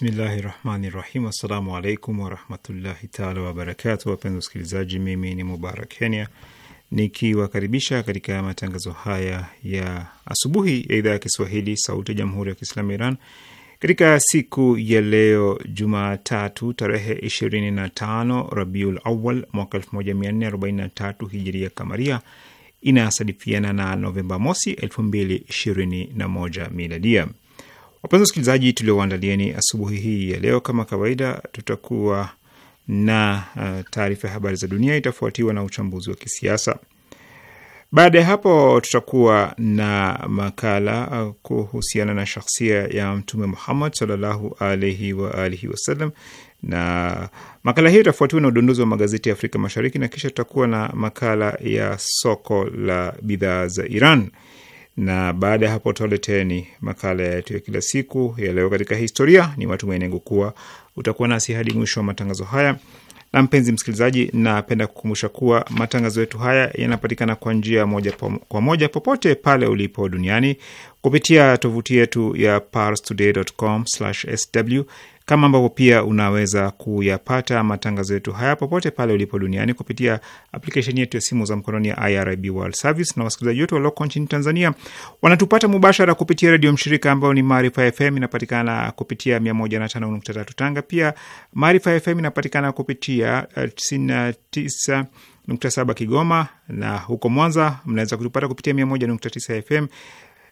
Bismillahi rahmani rahim. Assalamu alaikum warahmatullahi taala wabarakatu. Wapenzi wasikilizaji, mimi ni Mubarak Kenya nikiwakaribisha katika matangazo haya ya asubuhi ya idhaa ya Kiswahili sauti ya jamhuri ya Kiislamu Iran katika siku ya leo Jumatatu tarehe 25 Rabiul Awal mwaka 1443 hijiria kamaria inasadifiana na Novemba mosi 2021 miladia. Wapenzi wasikilizaji, tuliowaandalieni asubuhi hii ya leo, kama kawaida, tutakuwa na uh, taarifa ya habari za dunia, itafuatiwa na uchambuzi wa kisiasa. Baada ya hapo, tutakuwa na makala uh, kuhusiana na shakhsia ya Mtume Muhammad sallallahu alaihi wa alihi wasallam, na makala hiyo itafuatiwa na udondozi wa magazeti ya Afrika Mashariki, na kisha tutakuwa na makala ya soko la bidhaa za Iran na baada ya hapo tutawaleteni makala yetu ya kila siku ya leo katika historia. Ni matumaini yangu kuwa utakuwa nasi hadi mwisho wa matangazo haya. Na mpenzi msikilizaji, napenda kukumbusha kuwa matangazo yetu haya yanapatikana kwa njia moja kwa moja popote pale ulipo duniani kupitia tovuti yetu ya parstoday.com/sw kama ambavyo pia unaweza kuyapata matangazo yetu haya popote pale ulipo duniani kupitia aplikesheni yetu ya simu za mkononi ya IRIB World Service, na wasikilizaji wetu walioko nchini Tanzania wanatupata mubashara kupitia redio mshirika ambayo ni Maarifa FM, inapatikana kupitia 105.3 Tanga. Pia Maarifa FM inapatikana kupitia 99 eh, nukta saba Kigoma na huko Mwanza mnaweza kutupata kupitia mia moja nukta tisa FM.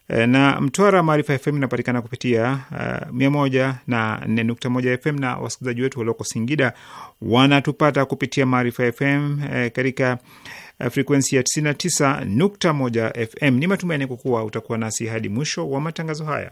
Eh, na Mtwara Maarifa FM inapatikana kupitia eh, mia moja na nne nukta moja FM na wasikilizaji wetu walioko Singida wanatupata kupitia Maarifa FM uh, eh, katika frekuensi ya 99 FM. Ni matumaini kukuwa utakuwa nasi hadi mwisho wa matangazo haya.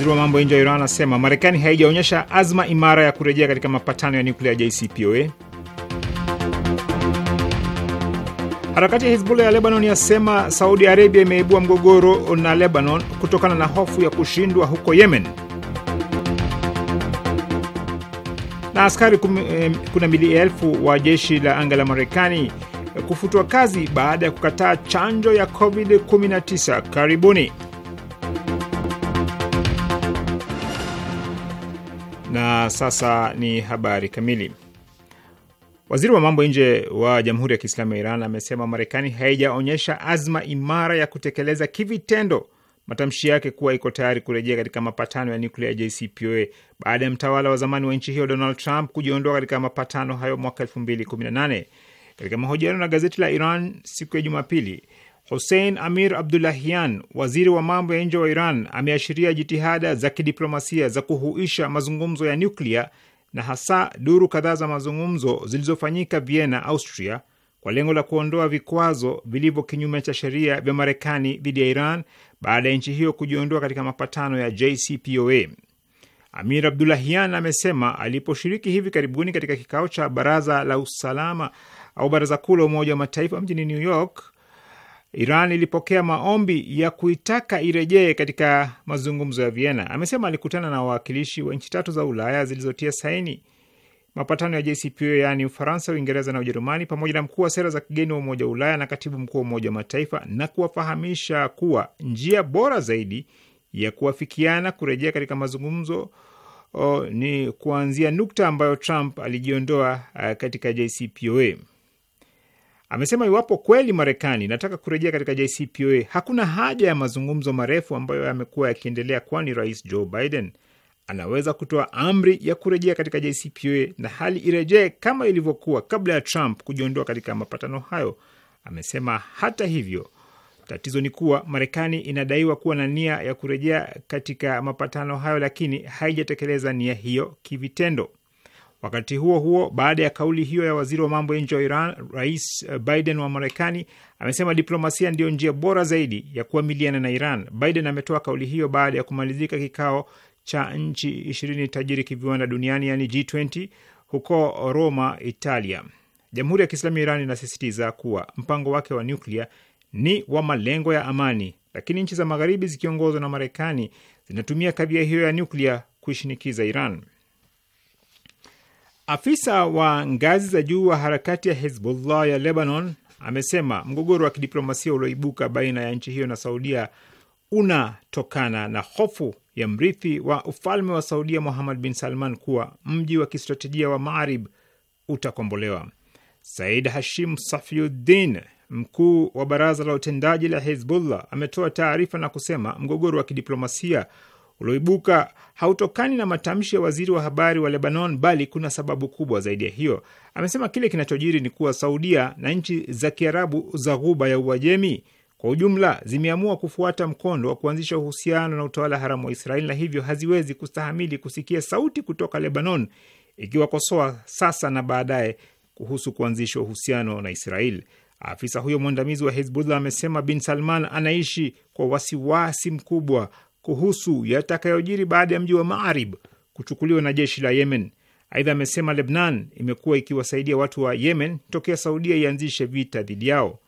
Waziri wa mambo ya nje wa Iran anasema Marekani haijaonyesha azma imara ya kurejea katika mapatano ya nyuklia JCPOA. Harakati ya Hizbullah ya Lebanon yasema Saudi Arabia imeibua mgogoro na Lebanon kutokana na hofu ya kushindwa huko Yemen. Na askari kumi eh, na mbili elfu wa jeshi la anga la Marekani kufutwa kazi baada ya kukataa chanjo ya COVID-19. Karibuni. Na sasa ni habari kamili. Waziri wa mambo nje wa Jamhuri ya Kiislamu ya Iran amesema Marekani haijaonyesha azma imara ya kutekeleza kivitendo matamshi yake kuwa iko tayari kurejea katika mapatano ya nyuklia JCPOA baada ya mtawala wa zamani wa nchi hiyo Donald Trump kujiondoa katika mapatano hayo mwaka 2018. Katika mahojiano na gazeti la Iran siku ya Jumapili, Hussein Amir Abdullahian, waziri wa mambo ya nje wa Iran, ameashiria jitihada za kidiplomasia za kuhuisha mazungumzo ya nyuklia na hasa duru kadhaa za mazungumzo zilizofanyika Vienna, Austria, kwa lengo la kuondoa vikwazo vilivyo kinyume cha sheria vya Marekani dhidi ya Iran baada ya nchi hiyo kujiondoa katika mapatano ya JCPOA. Amir Abdullahian amesema aliposhiriki hivi karibuni katika kikao cha baraza la usalama au baraza kuu la Umoja wa Mataifa mjini New York Iran ilipokea maombi ya kuitaka irejee katika mazungumzo ya Vienna. Amesema alikutana na wawakilishi wa nchi tatu za Ulaya zilizotia saini mapatano ya JCPOA yaani Ufaransa, Uingereza na Ujerumani, pamoja na mkuu wa sera za kigeni wa Umoja wa Ulaya na katibu mkuu wa Umoja wa Mataifa, na kuwafahamisha kuwa njia bora zaidi ya kuwafikiana kurejea katika mazungumzo o, oh, ni kuanzia nukta ambayo Trump alijiondoa eh, katika JCPOA. Amesema iwapo kweli Marekani inataka kurejea katika JCPOA hakuna haja ya mazungumzo marefu ambayo yamekuwa yakiendelea, kwani Rais Joe Biden anaweza kutoa amri ya kurejea katika JCPOA na hali irejee kama ilivyokuwa kabla ya Trump kujiondoa katika mapatano hayo. Amesema hata hivyo, tatizo ni kuwa Marekani inadaiwa kuwa na nia ya kurejea katika mapatano hayo, lakini haijatekeleza nia hiyo kivitendo. Wakati huo huo, baada ya kauli hiyo ya waziri wa mambo ya nje wa Iran, Rais Biden wa Marekani amesema diplomasia ndiyo njia bora zaidi ya kuamiliana na Iran. Biden ametoa kauli hiyo baada ya kumalizika kikao cha nchi ishirini tajiri kiviwanda duniani, yaani G20 huko Roma, Italia. Jamhuri ya Kiislamu ya Iran inasisitiza kuwa mpango wake wa nyuklia ni wa malengo ya amani, lakini nchi za Magharibi zikiongozwa na Marekani zinatumia kadhia hiyo ya nyuklia kuishinikiza Iran. Afisa wa ngazi za juu wa harakati ya Hezbollah ya Lebanon amesema mgogoro wa kidiplomasia ulioibuka baina ya nchi hiyo na Saudia unatokana na hofu ya mrithi wa ufalme wa Saudia Muhammad bin Salman kuwa mji wa kistratejia wa Maarib utakombolewa. Said Hashim Safiuddin, mkuu wa baraza la utendaji la Hezbollah, ametoa taarifa na kusema mgogoro wa kidiplomasia ulioibuka hautokani na matamshi ya waziri wa habari wa Lebanon, bali kuna sababu kubwa zaidi ya hiyo. Amesema kile kinachojiri ni kuwa Saudia na nchi za Kiarabu za Ghuba ya Uajemi kwa ujumla zimeamua kufuata mkondo wa kuanzisha uhusiano na utawala haramu wa Israeli na hivyo haziwezi kustahamili kusikia sauti kutoka Lebanon ikiwakosoa sasa na baadaye kuhusu kuanzisha uhusiano na Israeli. Afisa huyo mwandamizi wa Hezbollah amesema Bin Salman anaishi kwa wasiwasi mkubwa kuhusu yatakayojiri baada ya mji wa Maarib kuchukuliwa na jeshi la Yemen. Aidha amesema Lebnan imekuwa ikiwasaidia watu wa Yemen tokea Saudia ianzishe vita dhidi yao.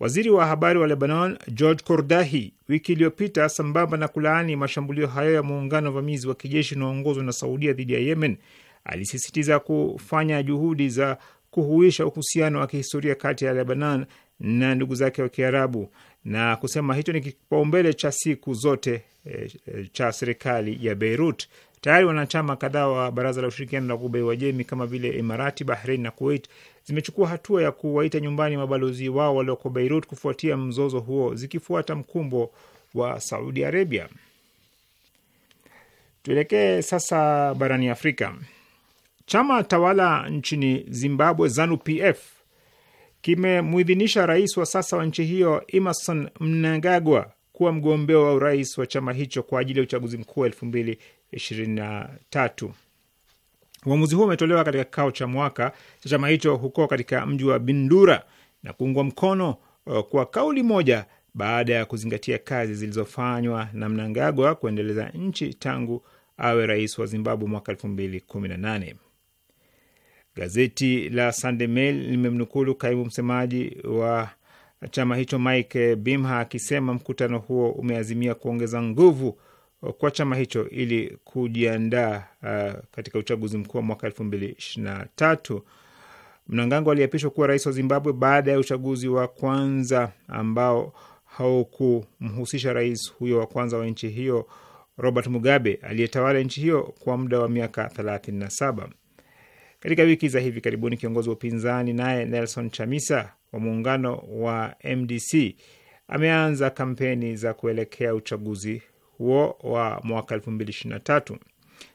Waziri wa habari wa Lebanon George Kordahi wiki iliyopita, sambamba na kulaani mashambulio hayo ya muungano vamizi wa kijeshi unaoongozwa na Saudia dhidi ya Yemen, alisisitiza kufanya juhudi za kuhuisha uhusiano wa kihistoria kati ya Lebanon na ndugu zake wa Kiarabu na kusema hicho ni kipaumbele cha siku zote e, cha serikali ya Beirut. Tayari wanachama kadhaa wa baraza la ushirikiano la Ghuba ya Uajemi kama vile Imarati, Bahrein na Kuwait zimechukua hatua ya kuwaita nyumbani mabalozi wao walioko Beirut kufuatia mzozo huo, zikifuata mkumbo wa Saudi Arabia. Tuelekee sasa barani Afrika. Chama tawala nchini Zimbabwe, ZANU PF kimemuidhinisha rais wa sasa wa nchi hiyo Emerson Mnangagwa kuwa mgombea wa urais wa chama hicho kwa ajili ya uchaguzi mkuu wa elfu mbili ishirini na tatu. Uamuzi huo umetolewa katika kikao cha mwaka cha chama hicho huko katika mji wa Bindura na kuungwa mkono uh, kwa kauli moja baada ya kuzingatia kazi zilizofanywa na Mnangagwa kuendeleza nchi tangu awe rais wa Zimbabwe mwaka elfu mbili kumi na nane. Gazeti la Sunday Mail limemnukulu kaimu msemaji wa chama hicho Mike Bimha akisema mkutano huo umeazimia kuongeza nguvu kwa chama hicho ili kujiandaa uh, katika uchaguzi mkuu wa mwaka elfu mbili ishirini na tatu. Mnangagwa aliapishwa kuwa rais wa Zimbabwe baada ya uchaguzi wa kwanza ambao haukumhusisha rais huyo wa kwanza wa nchi hiyo Robert Mugabe aliyetawala nchi hiyo kwa muda wa miaka thelathini na saba. Katika wiki za hivi karibuni, kiongozi wa upinzani naye Nelson Chamisa wa muungano wa MDC ameanza kampeni za kuelekea uchaguzi huo wa mwaka 223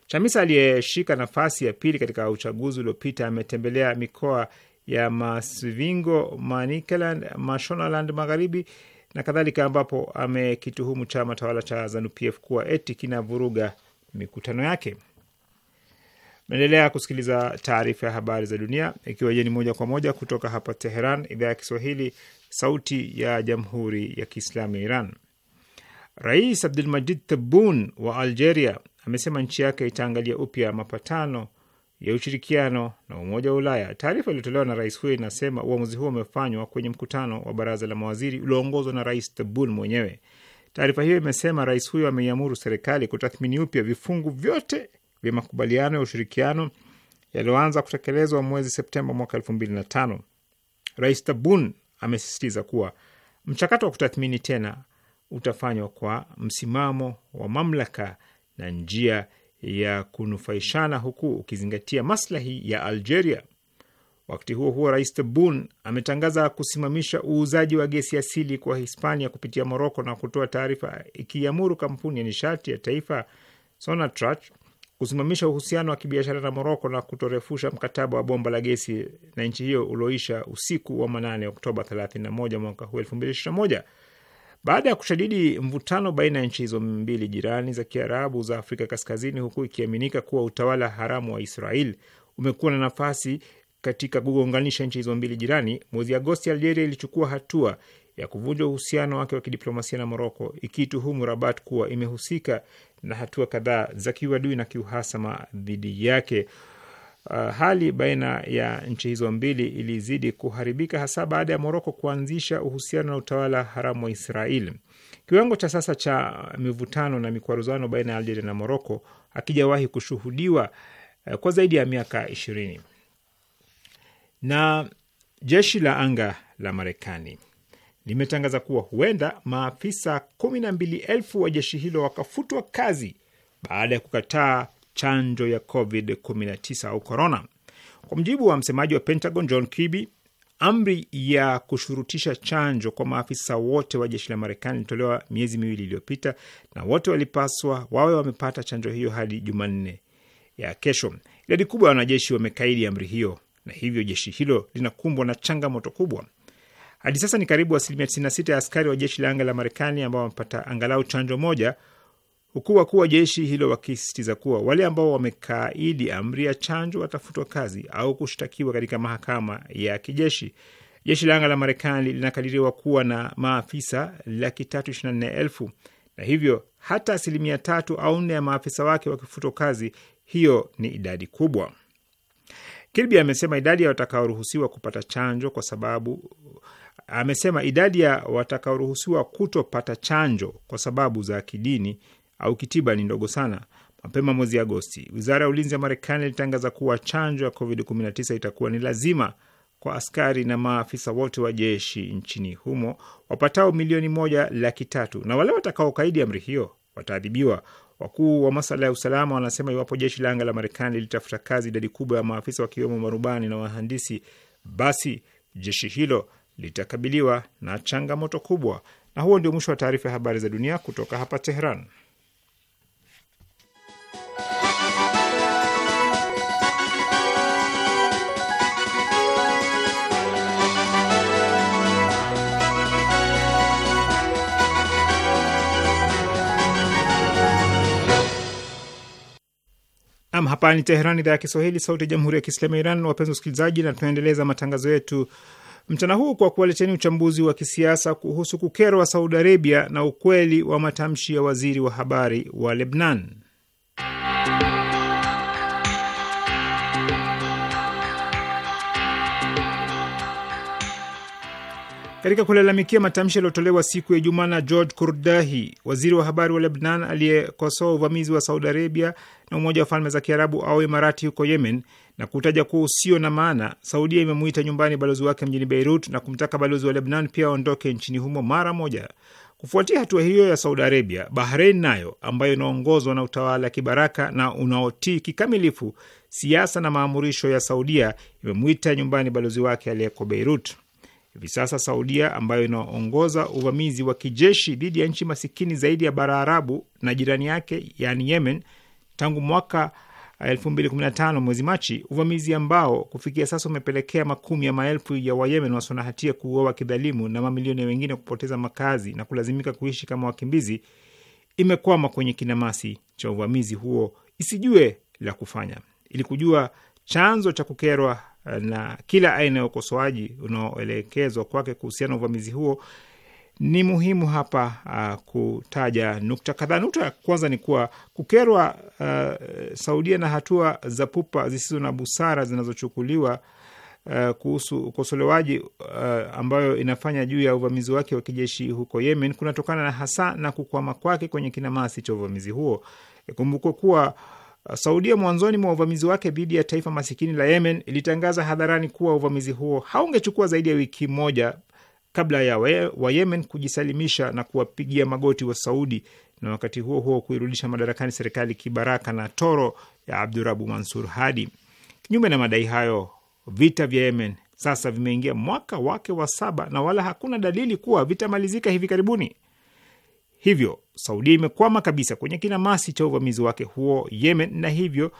Chamisa aliyeshika nafasi ya pili katika uchaguzi uliopita ametembelea mikoa ya Masvingo, Manicaland, Mashonaland Magharibi na kadhalika, ambapo amekituhumu chama tawala cha ZANUPF kuwa eti kinavuruga mikutano yake. Naendelea kusikiliza taarifa ya habari za dunia, ikiwa jeni moja kwa moja kutoka hapa Teheran, idhaa ya Kiswahili, sauti ya jamhuri ya kiislamu ya Iran. Rais Abdulmajid Tabun wa Algeria amesema nchi yake itaangalia upya mapatano ya ushirikiano na Umoja wa Ulaya. Taarifa iliyotolewa na rais huyo inasema uamuzi huo umefanywa kwenye mkutano wa baraza la mawaziri ulioongozwa na Rais Tabun mwenyewe. Taarifa hiyo imesema rais huyo ameiamuru serikali kutathmini upya vifungu vyote vya makubaliano ya ushirikiano yaliyoanza kutekelezwa mwezi Septemba mwaka elfu mbili na tano. Rais Tabun amesisitiza kuwa mchakato wa kutathmini tena utafanywa kwa msimamo wa mamlaka na njia ya kunufaishana huku ukizingatia maslahi ya Algeria. Wakati huo huo, Rais tabun ametangaza kusimamisha uuzaji wa gesi asili kwa Hispania kupitia Moroko na kutoa taarifa ikiamuru kampuni ya nishati ya taifa Sonatrach kusimamisha uhusiano wa kibiashara na Moroko na kutorefusha mkataba wa bomba la gesi na nchi hiyo ulioisha usiku wa manane Oktoba 31 mwaka huu 2021. Baada ya kushadidi mvutano baina ya nchi hizo mbili jirani za Kiarabu za Afrika Kaskazini, huku ikiaminika kuwa utawala haramu wa Israel umekuwa na nafasi katika kugonganisha nchi hizo mbili jirani, mwezi Agosti Algeria ilichukua hatua ya kuvunjwa uhusiano wake wa kidiplomasia na Moroko, ikituhumu Rabat kuwa imehusika na hatua kadhaa za kiuadui na kiuhasama dhidi yake. Uh, hali baina ya nchi hizo mbili ilizidi kuharibika hasa baada ya Moroko kuanzisha uhusiano na utawala haramu wa Israel. Kiwango cha sasa cha mivutano na mikwaruzano baina ya Algeria na Moroko hakijawahi kushuhudiwa uh, kwa zaidi ya miaka ishirini. Na jeshi la anga la Marekani limetangaza kuwa huenda maafisa kumi na mbili elfu wa jeshi hilo wakafutwa kazi baada ya kukataa chanjo ya COVID-19 au korona. Kwa mjibu wa msemaji wa Pentagon John Kirby, amri ya kushurutisha chanjo kwa maafisa wote wa jeshi la Marekani ilitolewa miezi miwili iliyopita na wote walipaswa wawe wamepata chanjo hiyo hadi Jumanne ya kesho. Idadi kubwa ya wanajeshi wamekaidi amri hiyo na hivyo jeshi hilo linakumbwa na changamoto kubwa. Hadi sasa ni karibu asilimia 96 ya askari wa jeshi la anga la Marekani ambao wamepata angalau chanjo moja, huku wakuu wa jeshi hilo wakisisitiza kuwa wale ambao wamekaidi amri ya chanjo watafutwa kazi au kushtakiwa katika mahakama ya kijeshi. Jeshi la anga la Marekani linakadiriwa kuwa na maafisa laki tatu ishirini na nne elfu na hivyo hata asilimia tatu au nne ya maafisa wake wakifutwa kazi, hiyo ni idadi kubwa. Kirby amesema idadi ya watakaoruhusiwa kupata chanjo kwa sababu amesema idadi ya watakaoruhusiwa kutopata chanjo kwa sababu za kidini au kitiba ni ndogo sana. Mapema mwezi Agosti, wizara ya ulinzi ya Marekani ilitangaza kuwa chanjo ya COVID-19 itakuwa ni lazima kwa askari na maafisa wote wa jeshi nchini humo wapatao milioni moja laki tatu, na wale watakaokaidi amri hiyo wataadhibiwa. Wakuu wa masuala ya usalama wanasema iwapo jeshi la anga la Marekani lilitafuta kazi idadi kubwa ya maafisa wakiwemo marubani na wahandisi, basi jeshi hilo litakabiliwa na changamoto kubwa. Na huo ndio mwisho wa taarifa ya habari za dunia kutoka hapa Tehran. Nam, hapa ni Teheran, idhaa ya Kiswahili, sauti ya jamhuri ya kiislamu ya Iran. Wapenzi wasikilizaji, na tunaendeleza matangazo yetu mchana huu kwa kuwaleteni uchambuzi wa kisiasa kuhusu kukerwa Saudi Arabia na ukweli wa matamshi ya waziri wa habari wa Lebnan. Katika kulalamikia matamshi yaliyotolewa siku ya Ijumaa na George Kurdahi, waziri wa habari wa Lebnan aliyekosoa uvamizi wa Saudi Arabia na Umoja wa Falme za Kiarabu au Imarati huko Yemen, na kutaja kuwa usio na maana. Saudia imemuita nyumbani balozi wake mjini Beirut na kumtaka balozi wa Lebnan pia aondoke nchini humo mara moja. Kufuatia hatua hiyo ya Saudi Arabia, Bahrein nayo ambayo inaongozwa na utawala kibaraka na unaotii kikamilifu siasa na maamurisho ya Saudia imemwita nyumbani balozi wake aliyeko Beirut. Hivi sasa Saudia ambayo inaongoza uvamizi wa kijeshi dhidi ya nchi masikini zaidi ya bara Arabu na jirani yake, yani Yemen, tangu mwaka elfu mwezi Machi, uvamizi ambao kufikia sasa umepelekea makumi ya maelfu ya Wayemen wasona na hatia kuuawa kidhalimu na mamilioni wengine kupoteza makazi na kulazimika kuishi kama wakimbizi, imekwama kwenye kinamasi cha uvamizi huo isijue la kufanya. Ili kujua chanzo cha kukerwa eh, na kila aina ya ukosoaji unaoelekezwa kwake kuhusiana na uvamizi huo, ni muhimu hapa uh, kutaja nukta kadhaa. Nukta ya kwanza ni kuwa kukerwa uh, Saudia na hatua za pupa zisizo na busara zinazochukuliwa uh, kuhusu ukosolewaji uh, ambayo inafanya juu ya uvamizi wake wa kijeshi huko Yemen kunatokana na hasa na kukwama kwake kwenye kinamasi cha uvamizi huo. Ikumbukwe kuwa uh, Saudia mwanzoni mwa uvamizi wake dhidi ya taifa masikini la Yemen ilitangaza hadharani kuwa uvamizi huo haungechukua zaidi ya wiki moja kabla ya Wayemen kujisalimisha na kuwapigia magoti wa Saudi na wakati huo huo kuirudisha madarakani serikali kibaraka na toro ya Abdurabu Mansur Hadi. Kinyume na madai hayo, vita vya Yemen sasa vimeingia mwaka wake wa saba na wala hakuna dalili kuwa vitamalizika hivi karibuni. Hivyo Saudia imekwama kabisa kwenye kinamasi cha uvamizi wake huo Yemen na hivyo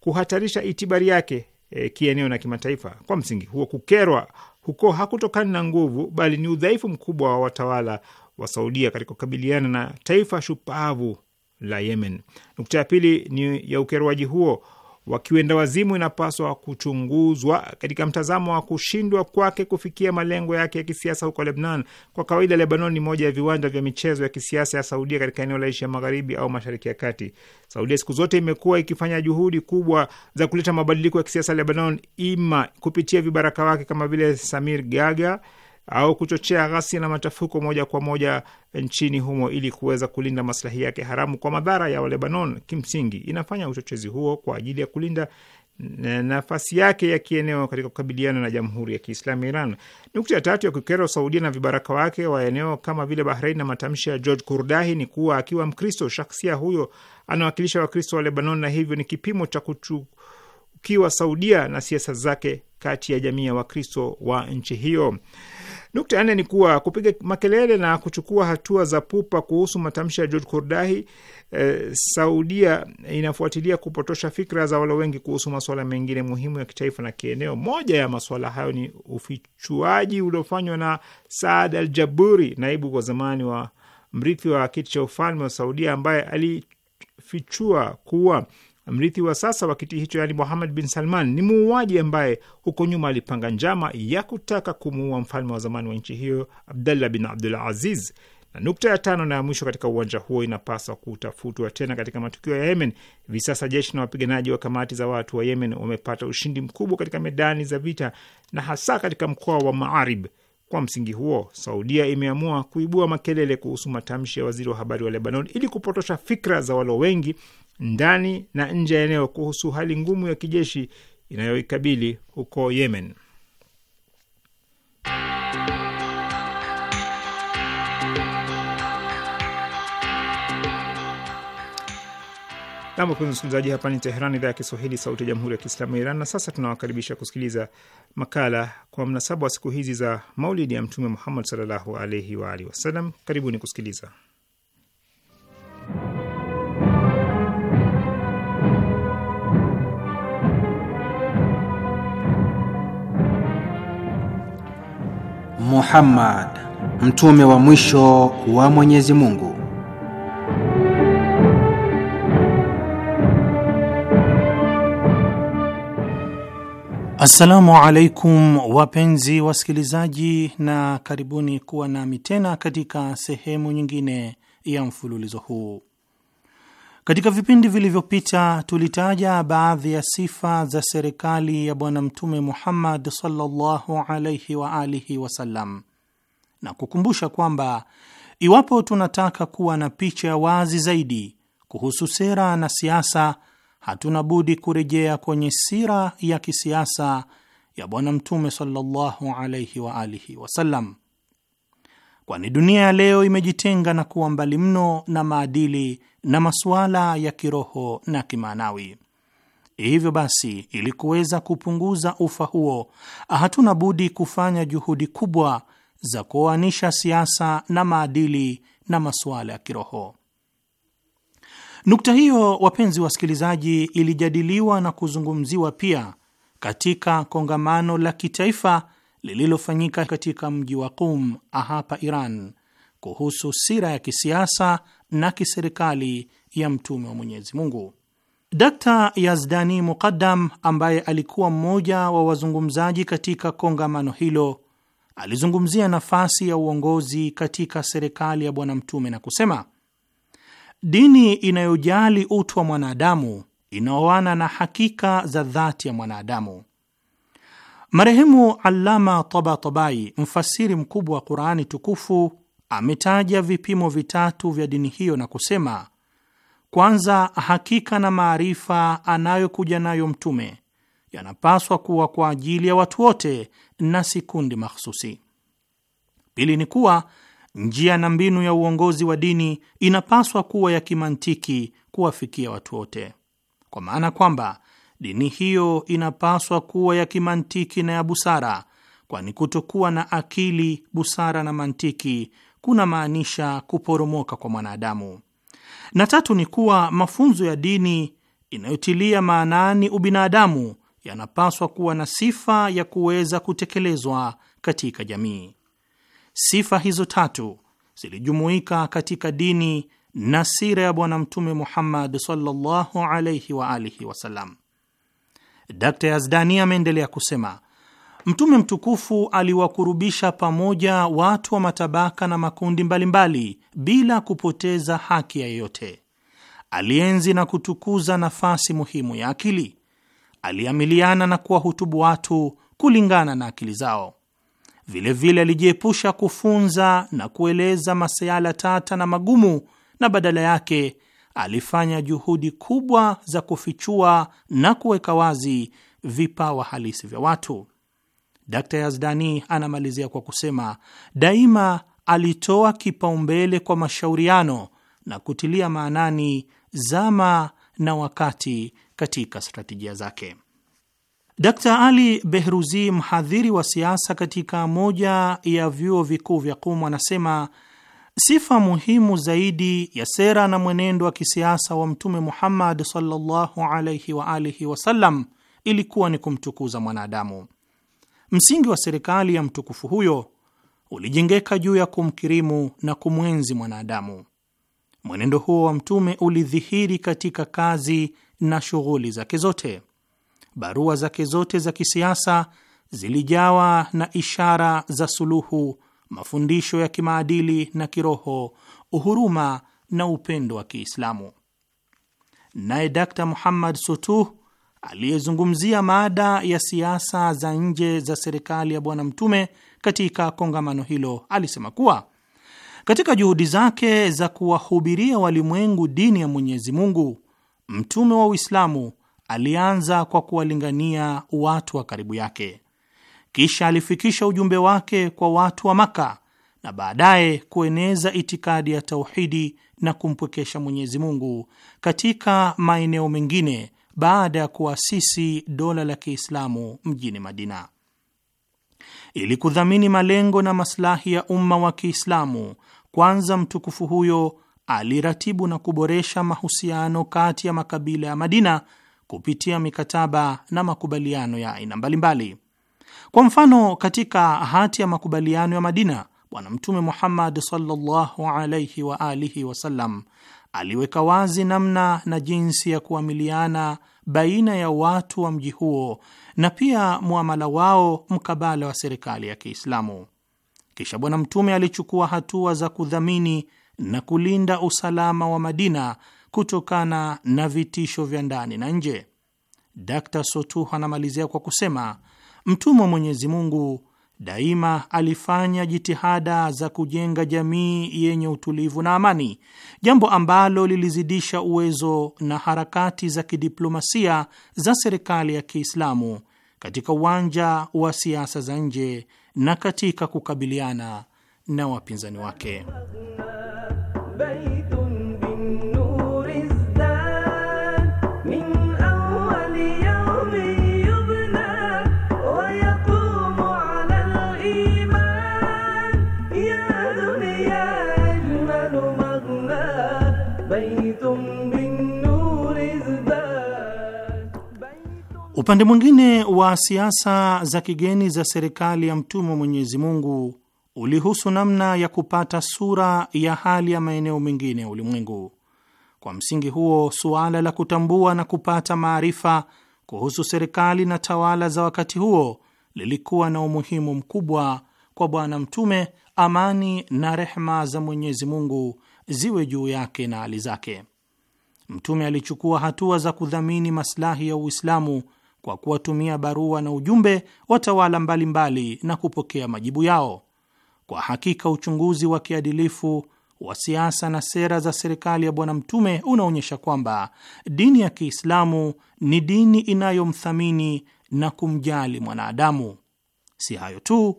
kuhatarisha itibari yake e, kieneo na kimataifa. Kwa msingi huo, kukerwa huko hakutokani na nguvu, bali ni udhaifu mkubwa wa watawala wa Saudia katika kukabiliana na taifa shupavu la Yemen. Nukta ya pili ni ya ukerwaji huo wakiwenda wazimu inapaswa kuchunguzwa katika mtazamo wa kushindwa kwake kufikia malengo yake ya kisiasa huko Lebanon. Kwa kawaida, Lebanon ni moja ya viwanja vya michezo ya kisiasa ya Saudia katika eneo la Asia Magharibi au Mashariki ya Kati. Saudia siku zote imekuwa ikifanya juhudi kubwa za kuleta mabadiliko ya kisiasa Lebanon, ima kupitia vibaraka wake kama vile Samir Gaga au kuchochea ghasia na machafuko moja kwa moja nchini humo ili kuweza kulinda maslahi yake haramu kwa madhara ya Walebanon. Kimsingi inafanya uchochezi huo kwa ajili ya kulinda nafasi yake ya kieneo katika kukabiliana na Jamhuri ya Kiislamu ya Iran. Nukta ya tatu ya kukera Saudia na vibaraka wake wa eneo kama vile Bahrain na matamshi ya George Kurdahi ni kuwa akiwa Mkristo, shaksia huyo anawakilisha Wakristo wa Lebanon na hivyo ni kipimo cha kuchu kiwa Saudia na siasa zake kati ya jamii ya Wakristo wa nchi hiyo. Nukta ya nne ni kuwa kupiga makelele na kuchukua hatua za pupa kuhusu matamshi ya George Kordahi, eh, Saudia inafuatilia kupotosha fikra za walo wengi kuhusu masuala mengine muhimu ya kitaifa na kieneo. Moja ya masuala hayo ni ufichuaji uliofanywa na Saad Al Jaburi, naibu wa zamani wa mrithi wa kiti cha ufalme wa Saudia, ambaye alifichua kuwa Mrithi wa sasa wa kiti hicho, yaani Muhammad bin Salman, ni muuaji ambaye huko nyuma alipanga njama ya kutaka kumuua mfalme wa zamani wa nchi hiyo Abdallah bin Abdul Aziz. Na nukta ya tano na ya mwisho katika uwanja huo inapaswa kutafutwa tena katika matukio ya Yemen. Hivi sasa jeshi na wapiganaji wa kamati za watu wa Yemen wamepata ushindi mkubwa katika medani za vita na hasa katika mkoa wa Maarib. Kwa msingi huo, Saudia imeamua kuibua makelele kuhusu matamshi ya waziri wa habari wa Lebanon ili kupotosha fikra za walo wengi ndani na nje ya eneo kuhusu hali ngumu ya kijeshi inayoikabili huko Yemen. Nam wapenzi msikilizaji, hapa ni Teheran, idhaa ya Kiswahili, sauti ya jamhuri ya kiislamu ya Iran. Na sasa tunawakaribisha kusikiliza makala kwa mnasaba wa siku hizi za maulidi ya Mtume Muhammad sallallahu alaihi wa alihi wasallam. Karibuni kusikiliza. Muhammad, mtume wa mwisho wa Mwenyezi Mungu. Assalamu alaikum wapenzi wasikilizaji, na karibuni kuwa nami tena katika sehemu nyingine ya mfululizo huu. Katika vipindi vilivyopita, tulitaja baadhi ya sifa za serikali ya Bwana Mtume Muhammad sallallahu alaihi wa alihi wasallam na kukumbusha kwamba iwapo tunataka kuwa na picha ya wazi zaidi kuhusu sera na siasa hatuna budi kurejea kwenye sira ya kisiasa ya Bwana Mtume sallallahu alaihi wa alihi wasallam, kwani dunia ya leo imejitenga na kuwa mbali mno na maadili na masuala ya kiroho na kimaanawi. Hivyo basi, ili kuweza kupunguza ufa huo, hatuna budi kufanya juhudi kubwa za kuoanisha siasa na maadili na masuala ya kiroho. Nukta hiyo, wapenzi wasikilizaji, ilijadiliwa na kuzungumziwa pia katika kongamano la kitaifa lililofanyika katika mji wa Qum ah, hapa Iran kuhusu sira ya kisiasa na kiserikali ya mtume wa Mwenyezi Mungu. Dr. Yazdani Muqaddam ambaye alikuwa mmoja wa wazungumzaji katika kongamano hilo alizungumzia nafasi ya uongozi katika serikali ya Bwana Mtume na kusema Dini inayojali utu wa mwanadamu inaoana na hakika za dhati ya mwanadamu. Marehemu Allama Tabatabai, mfasiri mkubwa wa Qurani tukufu, ametaja vipimo vitatu vya dini hiyo na kusema, kwanza, hakika na maarifa anayokuja nayo mtume yanapaswa kuwa kwa ajili ya watu wote na si kundi mahsusi. Pili ni kuwa njia na mbinu ya uongozi wa dini inapaswa kuwa ya kimantiki kuwafikia watu wote, kwa maana kwamba dini hiyo inapaswa kuwa ya kimantiki na ya busara, kwani kutokuwa na akili, busara na mantiki kuna maanisha kuporomoka kwa mwanadamu. Na tatu ni kuwa mafunzo ya dini inayotilia maanani ubinadamu yanapaswa kuwa na sifa ya kuweza kutekelezwa katika jamii. Sifa hizo tatu zilijumuika katika dini na sira ya Bwana Mtume Muhammad sallallahu alaihi wa alihi wasallam. Dkt Yazdani ameendelea kusema Mtume mtukufu aliwakurubisha pamoja watu wa matabaka na makundi mbalimbali bila kupoteza haki ya yeyote. Alienzi na kutukuza nafasi muhimu ya akili. Aliamiliana na kuwahutubu watu kulingana na akili zao. Vilevile alijiepusha kufunza na kueleza masuala tata na magumu, na badala yake alifanya juhudi kubwa za kufichua na kuweka wazi vipawa halisi vya watu. Dkt. Yazdani anamalizia kwa kusema, daima alitoa kipaumbele kwa mashauriano na kutilia maanani zama na wakati katika stratejia zake. Dkt Ali Behruzi, mhadhiri wa siasa katika moja ya vyuo vikuu vya Qum, anasema sifa muhimu zaidi ya sera na mwenendo wa kisiasa wa Mtume Muhammad sallallahu alaihi wa alihi wasallam ilikuwa ni kumtukuza mwanadamu. Msingi wa serikali ya mtukufu huyo ulijengeka juu ya kumkirimu na kumwenzi mwanadamu. Mwenendo huo wa Mtume ulidhihiri katika kazi na shughuli zake zote barua zake zote za kisiasa zilijawa na ishara za suluhu, mafundisho ya kimaadili na kiroho, uhuruma na upendo wa Kiislamu. Naye Dr Muhammad Sotuh aliyezungumzia mada ya siasa za nje za serikali ya Bwana Mtume katika kongamano hilo alisema kuwa katika juhudi zake za kuwahubiria walimwengu dini ya Mwenyezi Mungu, mtume wa Uislamu alianza kwa kuwalingania watu wa karibu yake, kisha alifikisha ujumbe wake kwa watu wa Maka na baadaye kueneza itikadi ya tauhidi na kumpwekesha Mwenyezi Mungu katika maeneo mengine baada ya kuasisi dola la Kiislamu mjini Madina. Ili kudhamini malengo na maslahi ya umma wa Kiislamu, kwanza mtukufu huyo aliratibu na kuboresha mahusiano kati ya makabila ya Madina kupitia mikataba na makubaliano ya aina mbalimbali. Kwa mfano, katika hati ya makubaliano ya Madina, Bwana Mtume Muhammad sallallahu alaihi wa alihi wasallam aliweka wazi namna na jinsi ya kuamiliana baina ya watu wa mji huo na pia muamala wao mkabala wa serikali ya Kiislamu. Kisha Bwana Mtume alichukua hatua za kudhamini na kulinda usalama wa Madina kutokana na vitisho vya ndani na nje. Dr Sotuh anamalizia kwa kusema mtumwa wa Mwenyezi Mungu daima alifanya jitihada za kujenga jamii yenye utulivu na amani, jambo ambalo lilizidisha uwezo na harakati za kidiplomasia za serikali ya Kiislamu katika uwanja wa siasa za nje na katika kukabiliana na wapinzani wake. Upande mwingine wa siasa za kigeni za serikali ya mtume wa Mwenyezi Mungu ulihusu namna ya kupata sura ya hali ya maeneo mengine ya ulimwengu. Kwa msingi huo, suala la kutambua na kupata maarifa kuhusu serikali na tawala za wakati huo lilikuwa na umuhimu mkubwa kwa Bwana Mtume, amani na rehma za Mwenyezi Mungu ziwe juu yake na hali zake. Mtume alichukua hatua za kudhamini maslahi ya Uislamu kwa kuwatumia barua na ujumbe watawala mbalimbali mbali na kupokea majibu yao. Kwa hakika uchunguzi wa kiadilifu wa siasa na sera za serikali ya Bwana Mtume unaonyesha kwamba dini ya Kiislamu ni dini inayomthamini na kumjali mwanadamu. Si hayo tu,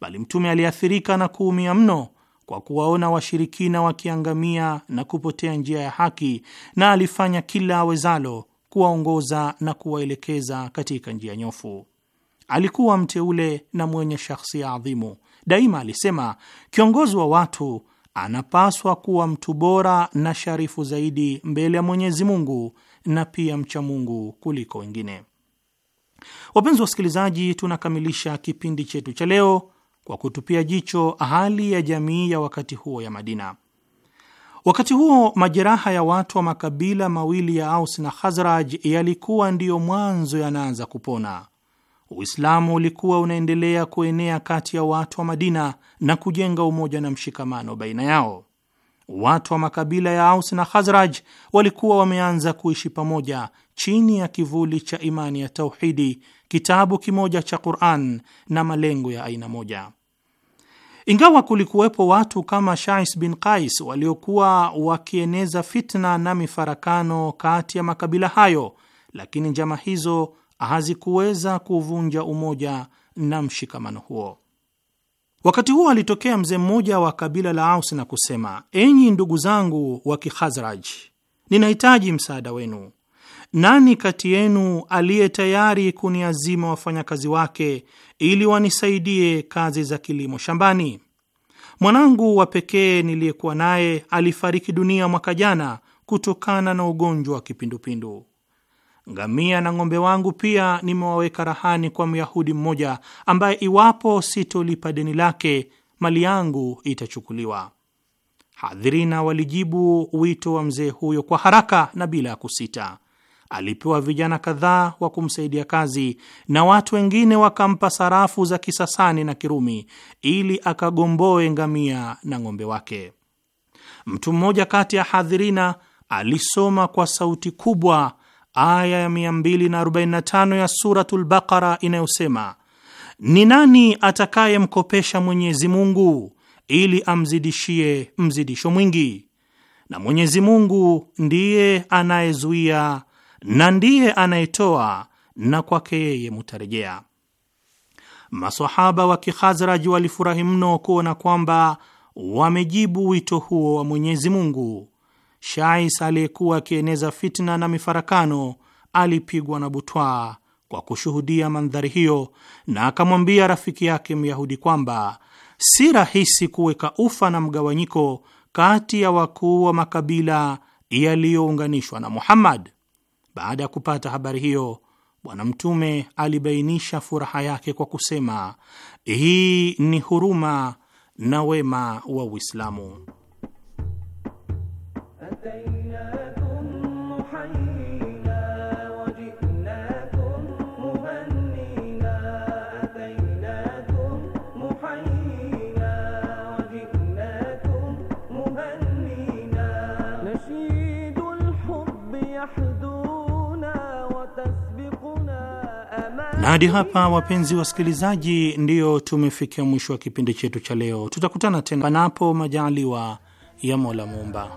bali Mtume aliathirika na kuumia mno kwa kuwaona washirikina wakiangamia na kupotea njia ya haki, na alifanya kila awezalo kuwaongoza na kuwaelekeza katika njia nyofu. Alikuwa mteule na mwenye ya adhimu. Daima alisema kiongozi wa watu anapaswa kuwa mtu bora na sharifu zaidi mbele ya Mwenyezi Mungu na pia mcha Mungu kuliko wengine. Wapenzi wasikilizaji, tunakamilisha kipindi chetu cha leo kwa kutupia jicho hali ya jamii ya wakati huo ya Madina. Wakati huo majeraha ya watu wa makabila mawili ya Aus na Khazraj yalikuwa ndiyo mwanzo yanaanza kupona. Uislamu ulikuwa unaendelea kuenea kati ya watu wa Madina na kujenga umoja na mshikamano baina yao. Watu wa makabila ya Aus na Khazraj walikuwa wameanza kuishi pamoja chini ya kivuli cha imani ya tauhidi, kitabu kimoja cha Quran na malengo ya aina moja. Ingawa kulikuwepo watu kama Shais bin Qais waliokuwa wakieneza fitna na mifarakano kati ya makabila hayo, lakini njama hizo hazikuweza kuvunja umoja na mshikamano huo. Wakati huo alitokea mzee mmoja wa kabila la Aus na kusema, enyi ndugu zangu wa Kikhazraj, ninahitaji msaada wenu. Nani kati yenu aliye tayari kuniazima wafanyakazi wake ili wanisaidie kazi za kilimo shambani. Mwanangu wa pekee niliyekuwa naye alifariki dunia mwaka jana kutokana na ugonjwa wa kipindupindu. Ngamia na ng'ombe wangu pia nimewaweka rahani kwa Myahudi mmoja ambaye, iwapo sitolipa deni lake, mali yangu itachukuliwa. Hadhirina walijibu wito wa mzee huyo kwa haraka na bila ya kusita alipewa vijana kadhaa wa kumsaidia kazi na watu wengine wakampa sarafu za Kisasani na Kirumi ili akagomboe ngamia na ng'ombe wake. Mtu mmoja kati ya hadhirina alisoma kwa sauti kubwa aya ya 245 ya Suratul Baqara inayosema, ni nani atakayemkopesha Mwenyezi Mungu ili amzidishie mzidisho mwingi, na Mwenyezi Mungu ndiye anayezuia na ndiye anayetoa na kwake yeye mutarejea. Masahaba wa Kikhazraji walifurahi mno kuona kwamba wamejibu wito huo wa Mwenyezi Mungu. Shais aliyekuwa akieneza fitna na mifarakano alipigwa na butwaa kwa kushuhudia mandhari hiyo, na akamwambia rafiki yake Myahudi kwamba si rahisi kuweka ufa na mgawanyiko kati ya wakuu wa makabila yaliyounganishwa na Muhammad. Baada ya kupata habari hiyo, Bwana Mtume alibainisha furaha yake kwa kusema, hii ni huruma na wema wa Uislamu. hadi hapa, wapenzi wasikilizaji, ndiyo tumefikia mwisho wa kipindi chetu cha leo. Tutakutana tena panapo majaliwa ya Mola Muumba.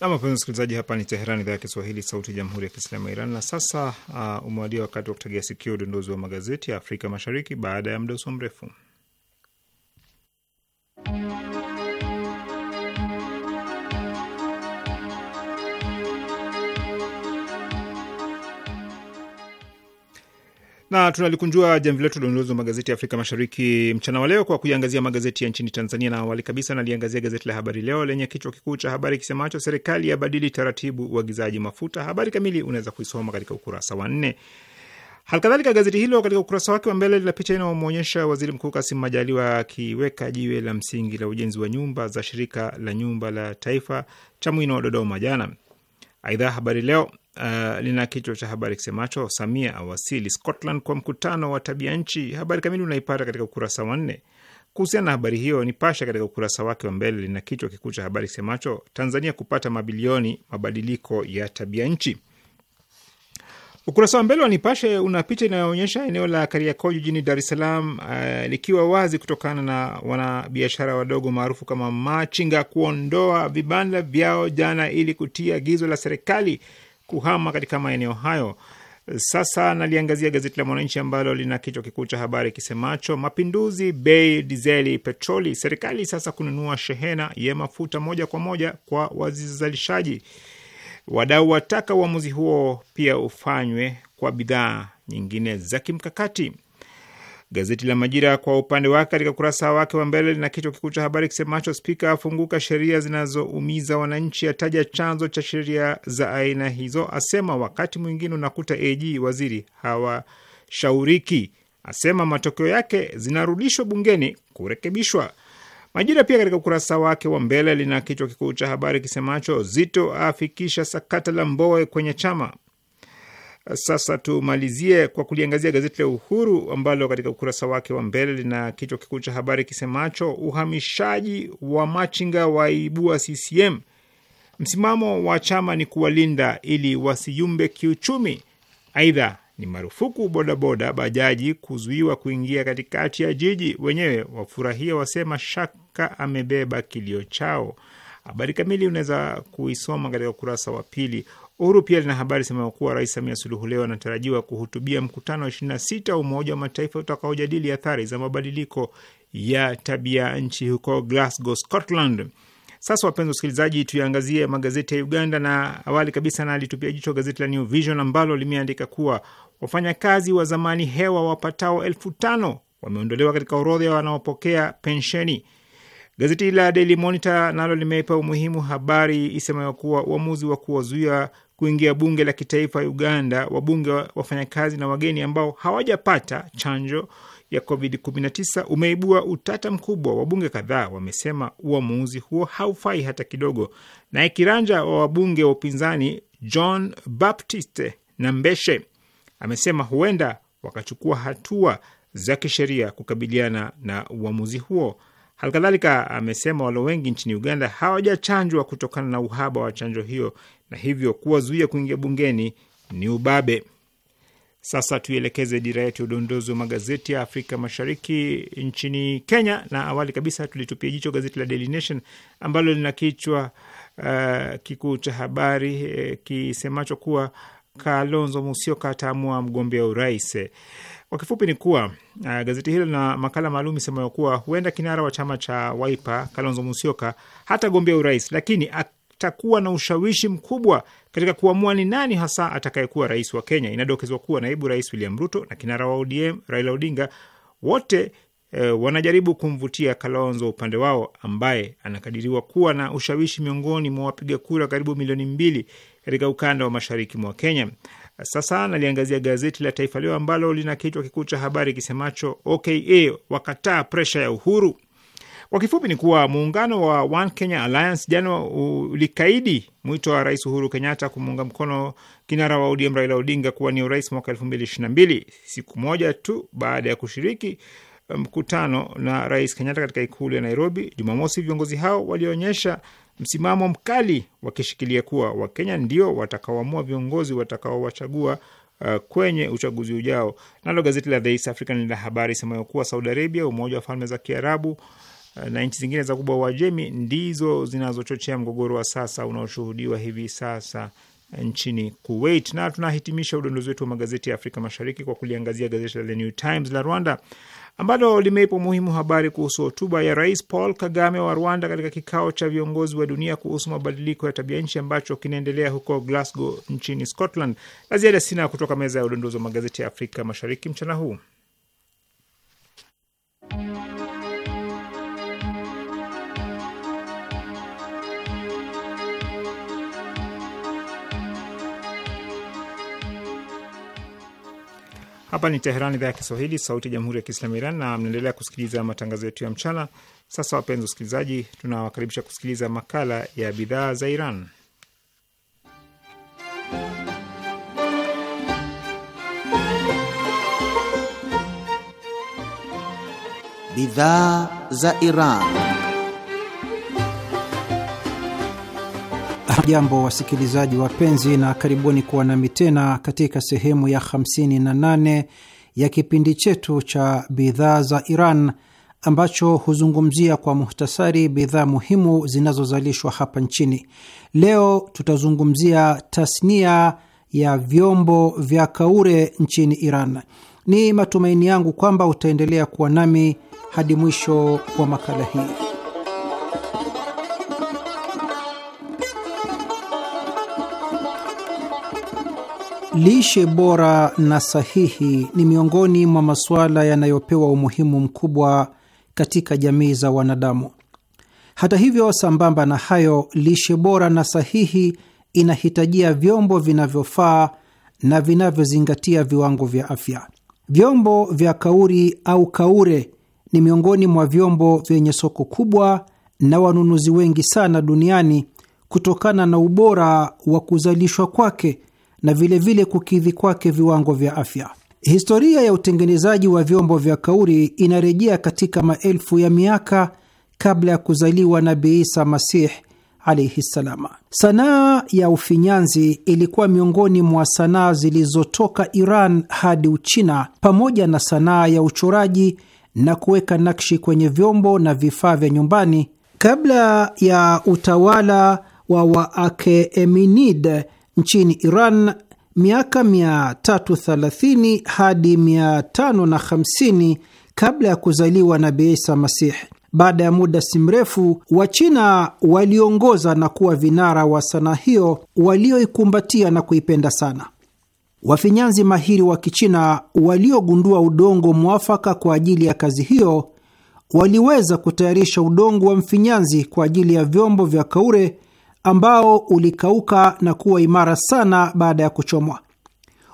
Nam, wapenzi msikilizaji, hapa ni Teherani, idhaa ya Kiswahili, sauti ya jamhuri ya kiislamu ya Iran. Na sasa uh, umewadia wakati wa kutegea sikio udondozi wa magazeti ya Afrika Mashariki baada ya muda usio mrefu. na tunalikunjua jamvi letu la wa magazeti ya Afrika Mashariki mchana wa leo kwa kuiangazia magazeti ya nchini Tanzania, na awali kabisa naliangazia gazeti la Habari Leo lenye kichwa kikuu cha habari kisemacho serikali yabadili taratibu uagizaji mafuta. Habari kamili unaweza kuisoma katika ukurasa wa nne. Halikadhalika, gazeti hilo katika ukurasa wake wa mbele lina picha inayomwonyesha Waziri Mkuu Kasim Majaliwa akiweka jiwe la msingi la ujenzi wa nyumba za shirika la nyumba la taifa cha Dodoma jana. Aidha, Habari Leo uh, lina kichwa cha habari kisemacho Samia awasili Scotland kwa mkutano wa tabia nchi. Habari kamili unaipata katika ukurasa wa nne. Kuhusiana na habari hiyo, Nipashe katika ukurasa wake wa mbele lina kichwa kikuu cha habari kisemacho Tanzania kupata mabilioni mabadiliko ya tabia nchi. Ukurasa wa mbele wa Nipashe una picha inayoonyesha eneo la Kariakoo jijini Dar es Salaam, uh, likiwa wazi kutokana na wanabiashara wadogo maarufu kama machinga kuondoa vibanda vyao jana ili kutia agizo la serikali kuhama katika maeneo hayo. Sasa naliangazia gazeti la Mwananchi ambalo lina kichwa kikuu cha habari kisemacho mapinduzi bei dizeli petroli, serikali sasa kununua shehena ya mafuta moja kwa moja kwa wazalishaji, wadau wataka uamuzi huo pia ufanywe kwa bidhaa nyingine za kimkakati. Gazeti la Majira kwa upande wake, katika ukurasa wake wa mbele lina kichwa kikuu cha habari kisemacho Spika afunguka sheria zinazoumiza wananchi, ataja chanzo cha sheria za aina hizo, asema wakati mwingine unakuta AG waziri hawashauriki, asema matokeo yake zinarudishwa bungeni kurekebishwa. Majira pia katika ukurasa wake wa mbele lina kichwa kikuu cha habari kisemacho Zito afikisha sakata la Mbowe kwenye chama. Sasa tumalizie kwa kuliangazia gazeti la Uhuru ambalo katika ukurasa wake wa mbele lina kichwa kikuu cha habari kisemacho uhamishaji wa machinga waibua CCM, msimamo wa chama ni kuwalinda ili wasiyumbe kiuchumi. Aidha, ni marufuku bodaboda bajaji kuzuiwa kuingia katikati ya jiji, wenyewe wafurahia, wasema Shaka amebeba kilio chao. Habari kamili unaweza kuisoma katika ukurasa wa pili. Uhuru pia lina habari sema kuwa Rais Samia Suluhu leo anatarajiwa kuhutubia mkutano wa 26 wa Umoja wa Mataifa utakaojadili athari za mabadiliko ya tabia nchi huko Glasgow, Scotland. Sasa wapenzi wasikilizaji, tuyaangazie magazeti ya Uganda na awali kabisa nalitupia jicho gazeti la New Vision ambalo limeandika kuwa wafanyakazi wa zamani hewa wapatao elfu tano wameondolewa katika orodha ya wanaopokea pensheni. Gazeti la Daily Monitor nalo limeipa umuhimu habari isemayo kuwa uamuzi wa kuwazuia kuingia bunge la kitaifa Uganda, wabunge, wafanyakazi na wageni ambao hawajapata chanjo ya COVID-19 umeibua utata mkubwa. Wabunge kadhaa wamesema uamuzi huo haufai hata kidogo. Naye kiranja wa wabunge wa upinzani John Baptist Nambeshe amesema huenda wakachukua hatua za kisheria kukabiliana na uamuzi huo. Halikadhalika amesema walo wengi nchini Uganda hawajachanjwa kutokana na uhaba wa chanjo hiyo na hivyo kuwazuia kuingia bungeni ni ubabe. Sasa tuielekeze dira yetu ya udondozi wa magazeti ya Afrika Mashariki nchini Kenya, na awali kabisa tulitupia jicho gazeti la Daily Nation ambalo lina kichwa uh, kikuu cha habari eh, kisemacho kuwa Kalonzo Musyoka ataamua mgombea urais. Kwa kifupi ni kuwa uh, gazeti hilo lina makala maalum isemayo kuwa huenda kinara wa chama cha Wiper Kalonzo Musyoka hatagombea urais, lakini ak atakuwa na ushawishi mkubwa katika kuamua ni nani hasa atakayekuwa rais wa Kenya. Inadokezwa kuwa naibu rais William Ruto na kinara wa ODM Raila Odinga wote e, wanajaribu kumvutia Kalonzo upande wao, ambaye anakadiriwa kuwa na ushawishi miongoni mwa wapiga kura karibu milioni mbili katika ukanda wa mashariki mwa Kenya. Sasa naliangazia gazeti la Taifa Leo ambalo lina kichwa kikuu cha habari kisemacho OKA wakataa presha ya Uhuru. Kwa kifupi ni kuwa muungano wa One Kenya Alliance jana ulikaidi mwito wa Rais Uhuru Kenyatta kumuunga mkono kinara wa ODM Raila Odinga kuwa ni urais mwaka elfu mbili ishirini na mbili siku moja tu baada ya kushiriki mkutano na Rais Kenyatta katika ikulu ya Nairobi Jumamosi. Viongozi hao walionyesha msimamo mkali wakishikilia kuwa Wakenya ndio watakaoamua viongozi watakaowachagua Uh, kwenye uchaguzi ujao. Nalo gazeti la The East African lina habari semayo kuwa Saudi Arabia, Umoja wa Falme za Kiarabu Eh, na nchi zingine za kubwa Uajemi ndizo zinazochochea mgogoro wa sasa unaoshuhudiwa hivi sasa eh, nchini Kuwait. Na tunahitimisha udondozi wetu wa magazeti ya Afrika Mashariki kwa kuliangazia gazeti la The New Times la Rwanda ambalo limeipa umuhimu habari kuhusu hotuba ya Rais Paul Kagame wa Rwanda katika kikao cha viongozi wa dunia kuhusu mabadiliko ya tabia nchi ambacho kinaendelea huko Glasgow nchini Scotland. La ziada sina kutoka meza ya udondozi wa magazeti ya Afrika Mashariki mchana huu. Hapa ni Teheran, idhaa ya Kiswahili, sauti ya jamhuri ya kiislamu Iran, na mnaendelea kusikiliza matangazo yetu ya mchana. Sasa wapenzi wasikilizaji, tunawakaribisha kusikiliza makala ya bidhaa za Iran. Bidhaa za Iran. Jambo wasikilizaji wapenzi, na karibuni kuwa nami tena katika sehemu ya 58 ya kipindi chetu cha bidhaa za Iran ambacho huzungumzia kwa muhtasari bidhaa muhimu zinazozalishwa hapa nchini. Leo tutazungumzia tasnia ya vyombo vya kaure nchini Iran. Ni matumaini yangu kwamba utaendelea kuwa nami hadi mwisho wa makala hii. Lishe bora na sahihi ni miongoni mwa masuala yanayopewa umuhimu mkubwa katika jamii za wanadamu. Hata hivyo, sambamba na hayo, lishe bora na sahihi inahitajia vyombo vinavyofaa na vinavyozingatia viwango vya afya. Vyombo vya kauri au kaure ni miongoni mwa vyombo vyenye soko kubwa na wanunuzi wengi sana duniani kutokana na ubora wa kuzalishwa kwake na vilevile vile kukidhi kwake viwango vya afya. Historia ya utengenezaji wa vyombo vya kauri inarejea katika maelfu ya miaka kabla ya kuzaliwa Nabi Isa Masih alaihi ssalama. Sanaa ya ufinyanzi ilikuwa miongoni mwa sanaa zilizotoka Iran hadi Uchina, pamoja na sanaa ya uchoraji na kuweka nakshi kwenye vyombo na vifaa vya nyumbani kabla ya utawala wa Waakemenid Nchini Iran miaka 330 hadi 550 kabla ya kuzaliwa Nabi Isa Masihi. Baada ya muda si mrefu, Wachina waliongoza na kuwa vinara wa sanaa hiyo walioikumbatia na kuipenda sana. Wafinyanzi mahiri wa Kichina waliogundua udongo mwafaka kwa ajili ya kazi hiyo waliweza kutayarisha udongo wa mfinyanzi kwa ajili ya vyombo vya kaure ambao ulikauka na kuwa imara sana baada ya kuchomwa.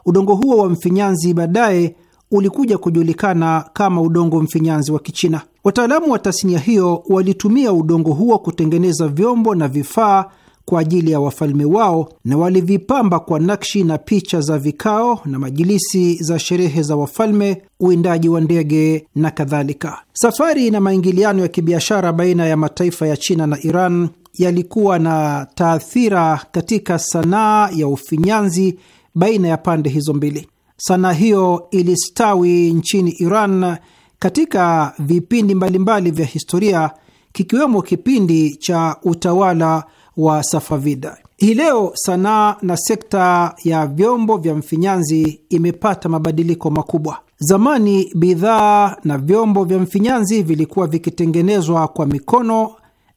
Udongo huo wa mfinyanzi baadaye ulikuja kujulikana kama udongo mfinyanzi wa Kichina. Wataalamu wa tasnia hiyo walitumia udongo huo kutengeneza vyombo na vifaa kwa ajili ya wafalme wao na walivipamba kwa nakshi na picha za vikao na majilisi za sherehe za wafalme, uwindaji wa ndege na kadhalika. Safari na maingiliano ya kibiashara baina ya mataifa ya China na Iran yalikuwa na taathira katika sanaa ya ufinyanzi baina ya pande hizo mbili. Sanaa hiyo ilistawi nchini Iran katika vipindi mbalimbali vya historia kikiwemo kipindi cha utawala wa Safavida. Hii leo sanaa na sekta ya vyombo vya mfinyanzi imepata mabadiliko makubwa. Zamani bidhaa na vyombo vya mfinyanzi vilikuwa vikitengenezwa kwa mikono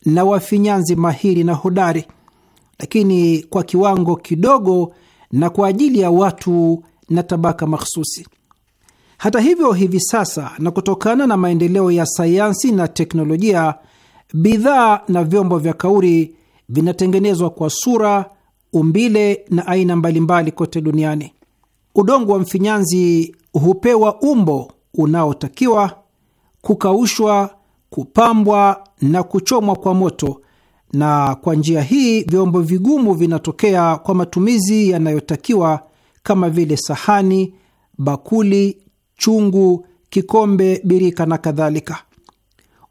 na wafinyanzi mahiri na hodari, lakini kwa kiwango kidogo na kwa ajili ya watu na tabaka mahsusi. Hata hivyo, hivi sasa na kutokana na maendeleo ya sayansi na teknolojia, bidhaa na vyombo vya kauri vinatengenezwa kwa sura, umbile na aina mbalimbali kote duniani. Udongo wa mfinyanzi hupewa umbo unaotakiwa, kukaushwa kupambwa na kuchomwa kwa moto, na kwa njia hii vyombo vigumu vinatokea kwa matumizi yanayotakiwa kama vile sahani, bakuli, chungu, kikombe, birika na kadhalika.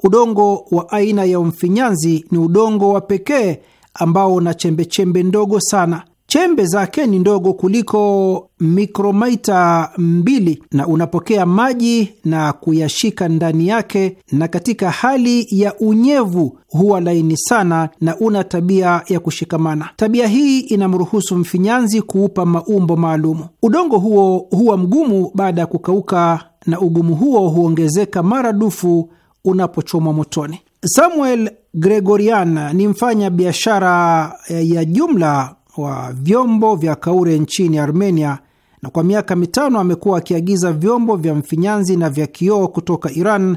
Udongo wa aina ya mfinyanzi ni udongo wa pekee ambao una chembechembe ndogo sana Chembe zake ni ndogo kuliko mikromaita mbili na unapokea maji na kuyashika ndani yake, na katika hali ya unyevu huwa laini sana na una tabia ya kushikamana. Tabia hii inamruhusu mfinyanzi kuupa maumbo maalumu. Udongo huo huwa mgumu baada ya kukauka, na ugumu huo huongezeka maradufu unapochomwa motoni. Samuel Gregorian ni mfanya biashara ya jumla wa vyombo vya Kaure nchini Armenia, na kwa miaka mitano amekuwa akiagiza vyombo vya mfinyanzi na vya kioo kutoka Iran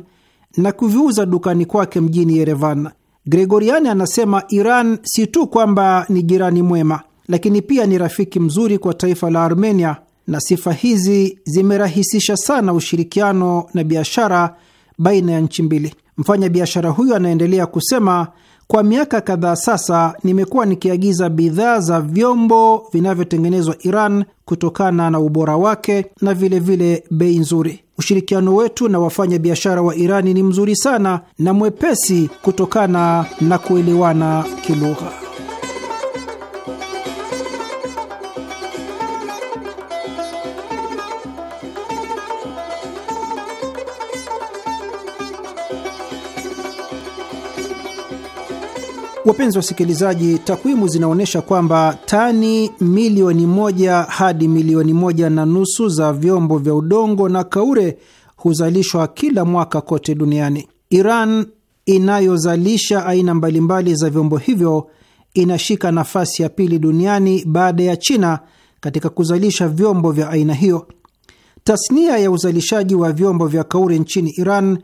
na kuviuza dukani kwake mjini Yerevan. Gregorian anasema Iran si tu kwamba ni jirani mwema, lakini pia ni rafiki mzuri kwa taifa la Armenia, na sifa hizi zimerahisisha sana ushirikiano na biashara baina ya nchi mbili. Mfanya biashara huyo anaendelea kusema kwa miaka kadhaa sasa nimekuwa nikiagiza bidhaa za vyombo vinavyotengenezwa Iran kutokana na ubora wake na vilevile bei nzuri. Ushirikiano wetu na wafanyabiashara wa Irani ni mzuri sana na mwepesi kutokana na kuelewana kilugha. Wapenzi wasikilizaji, takwimu zinaonyesha kwamba tani milioni moja hadi milioni moja na nusu za vyombo vya udongo na kaure huzalishwa kila mwaka kote duniani. Iran inayozalisha aina mbalimbali za vyombo hivyo inashika nafasi ya pili duniani baada ya China katika kuzalisha vyombo vya aina hiyo. Tasnia ya uzalishaji wa vyombo vya kaure nchini Iran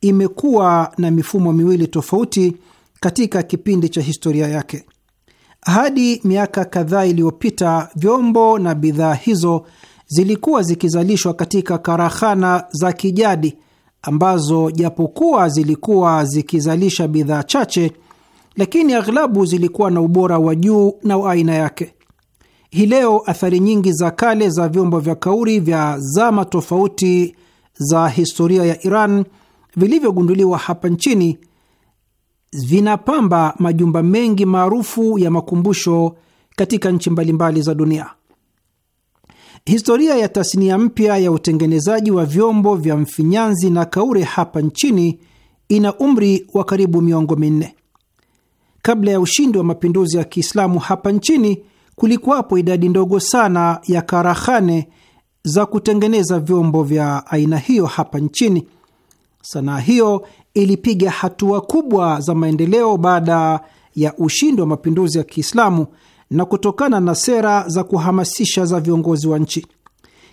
imekuwa na mifumo miwili tofauti katika kipindi cha historia yake. Hadi miaka kadhaa iliyopita, vyombo na bidhaa hizo zilikuwa zikizalishwa katika karakhana za kijadi ambazo japokuwa zilikuwa zikizalisha bidhaa chache, lakini aghlabu zilikuwa na ubora wa juu na wa aina yake. Hii leo athari nyingi za kale za vyombo vya kauri vya zama tofauti za historia ya Iran vilivyogunduliwa hapa nchini vinapamba majumba mengi maarufu ya makumbusho katika nchi mbalimbali za dunia. Historia ya tasnia mpya ya utengenezaji wa vyombo vya mfinyanzi na kaure hapa nchini ina umri wa karibu miongo minne. Kabla ya ushindi wa mapinduzi ya Kiislamu hapa nchini, kulikuwapo idadi ndogo sana ya karakhane za kutengeneza vyombo vya aina hiyo hapa nchini. Sanaa hiyo ilipiga hatua kubwa za maendeleo baada ya ushindi wa mapinduzi ya Kiislamu na kutokana na sera za kuhamasisha za viongozi wa nchi.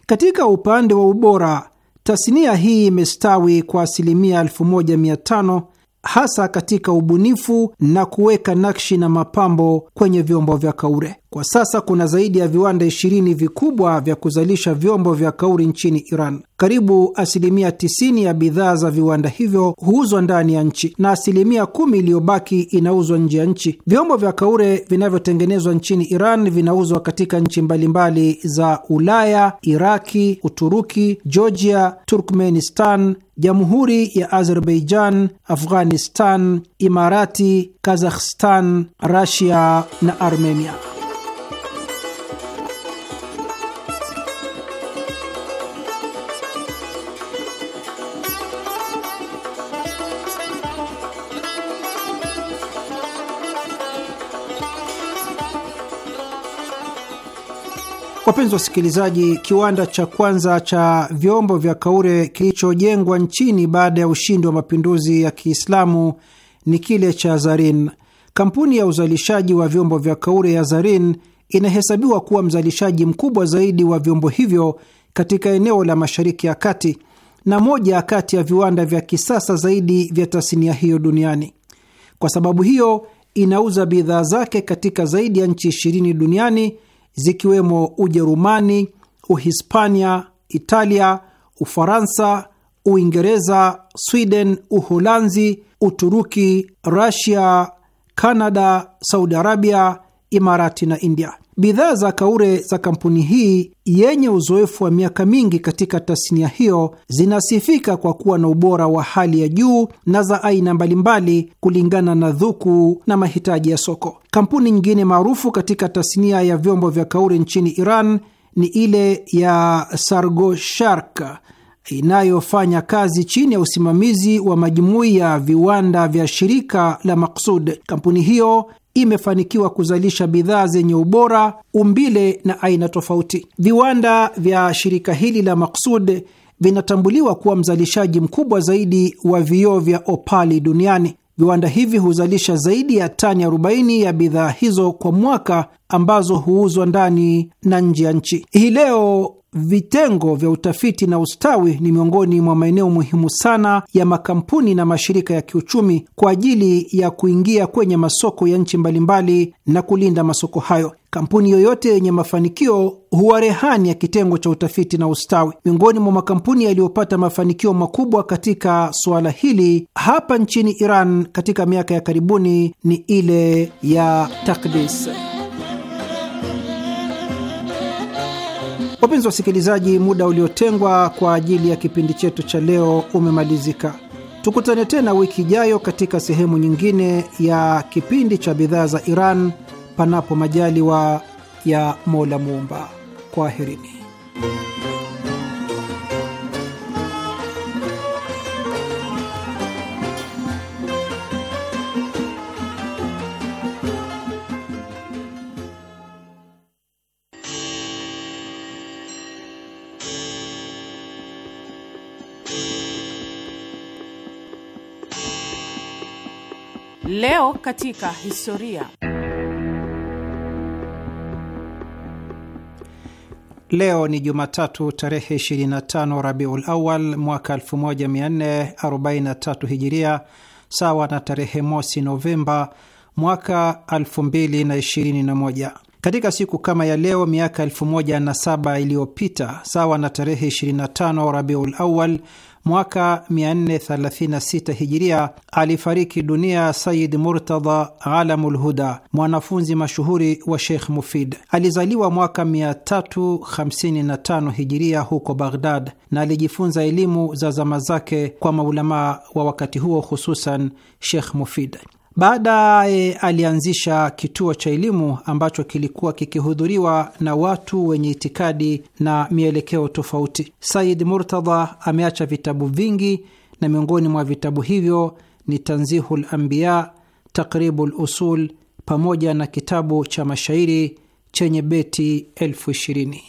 Katika upande wa ubora, tasnia hii imestawi kwa asilimia 1500 hasa katika ubunifu na kuweka nakshi na mapambo kwenye vyombo vya kaure. Kwa sasa kuna zaidi ya viwanda ishirini vikubwa vya kuzalisha vyombo vya kauri nchini Iran. Karibu asilimia 90 ya bidhaa za viwanda hivyo huuzwa ndani ya nchi na asilimia kumi iliyobaki inauzwa nje ya nchi. Vyombo vya kaure vinavyotengenezwa nchini Iran vinauzwa katika nchi mbalimbali za Ulaya, Iraki, Uturuki, Georgia, Turkmenistan, Jamhuri ya Azerbaijan, Afghanistan, Imarati, Kazakhstan, Rasia na Armenia. Wapenzi wasikilizaji, kiwanda cha kwanza cha vyombo vya kaure kilichojengwa nchini baada ya ushindi wa mapinduzi ya Kiislamu ni kile cha Zarin. Kampuni ya uzalishaji wa vyombo vya kaure ya Zarin inahesabiwa kuwa mzalishaji mkubwa zaidi wa vyombo hivyo katika eneo la Mashariki ya Kati na moja kati ya viwanda vya kisasa zaidi vya tasnia hiyo duniani. Kwa sababu hiyo, inauza bidhaa zake katika zaidi ya nchi ishirini duniani zikiwemo Ujerumani, Uhispania, Italia, Ufaransa, Uingereza, Sweden, Uholanzi, Uturuki, Rasia, Kanada, Saudi Arabia, Imarati na India. Bidhaa za kaure za kampuni hii yenye uzoefu wa miaka mingi katika tasnia hiyo zinasifika kwa kuwa na ubora wa hali ya juu na za aina mbalimbali kulingana na dhuku na mahitaji ya soko. Kampuni nyingine maarufu katika tasnia ya vyombo vya kaure nchini Iran ni ile ya Sargoshark inayofanya kazi chini ya usimamizi wa majumui ya viwanda vya shirika la Maksud. Kampuni hiyo imefanikiwa kuzalisha bidhaa zenye ubora, umbile na aina tofauti. Viwanda vya shirika hili la Maksud vinatambuliwa kuwa mzalishaji mkubwa zaidi wa vioo vya opali duniani. Viwanda hivi huzalisha zaidi ya tani 40 ya bidhaa hizo kwa mwaka ambazo huuzwa ndani na nje ya nchi. Hii leo Vitengo vya utafiti na ustawi ni miongoni mwa maeneo muhimu sana ya makampuni na mashirika ya kiuchumi kwa ajili ya kuingia kwenye masoko ya nchi mbalimbali na kulinda masoko hayo. Kampuni yoyote yenye mafanikio huwa rehani ya kitengo cha utafiti na ustawi. Miongoni mwa makampuni yaliyopata mafanikio makubwa katika suala hili hapa nchini Iran katika miaka ya karibuni ni ile ya Takdis. Wapenzi wasikilizaji, muda uliotengwa kwa ajili ya kipindi chetu cha leo umemalizika. Tukutane tena wiki ijayo katika sehemu nyingine ya kipindi cha bidhaa za Iran, panapo majaliwa ya Mola Muumba. Kwaherini. Leo katika historia. Leo ni Jumatatu tarehe 25 Rabiul Awal mwaka 1443 Hijiria, sawa na tarehe mosi Novemba mwaka 2021. Katika siku kama ya leo miaka 1007 iliyopita, sawa na tarehe 25 Rabiul Awal mwaka 436 hijiria alifariki dunia Sayid murtada Alamul Huda, mwanafunzi mashuhuri wa Sheikh Mufid. Alizaliwa mwaka 355 hijiria huko Baghdad na alijifunza elimu za zama zake kwa maulamaa wa wakati huo, hususan Sheikh Mufid. Baadaye alianzisha kituo cha elimu ambacho kilikuwa kikihudhuriwa na watu wenye itikadi na mielekeo tofauti. Said Murtadha ameacha vitabu vingi na miongoni mwa vitabu hivyo ni Tanzihu Lambiya, Takribu Lusul pamoja na kitabu cha mashairi chenye beti elfu ishirini.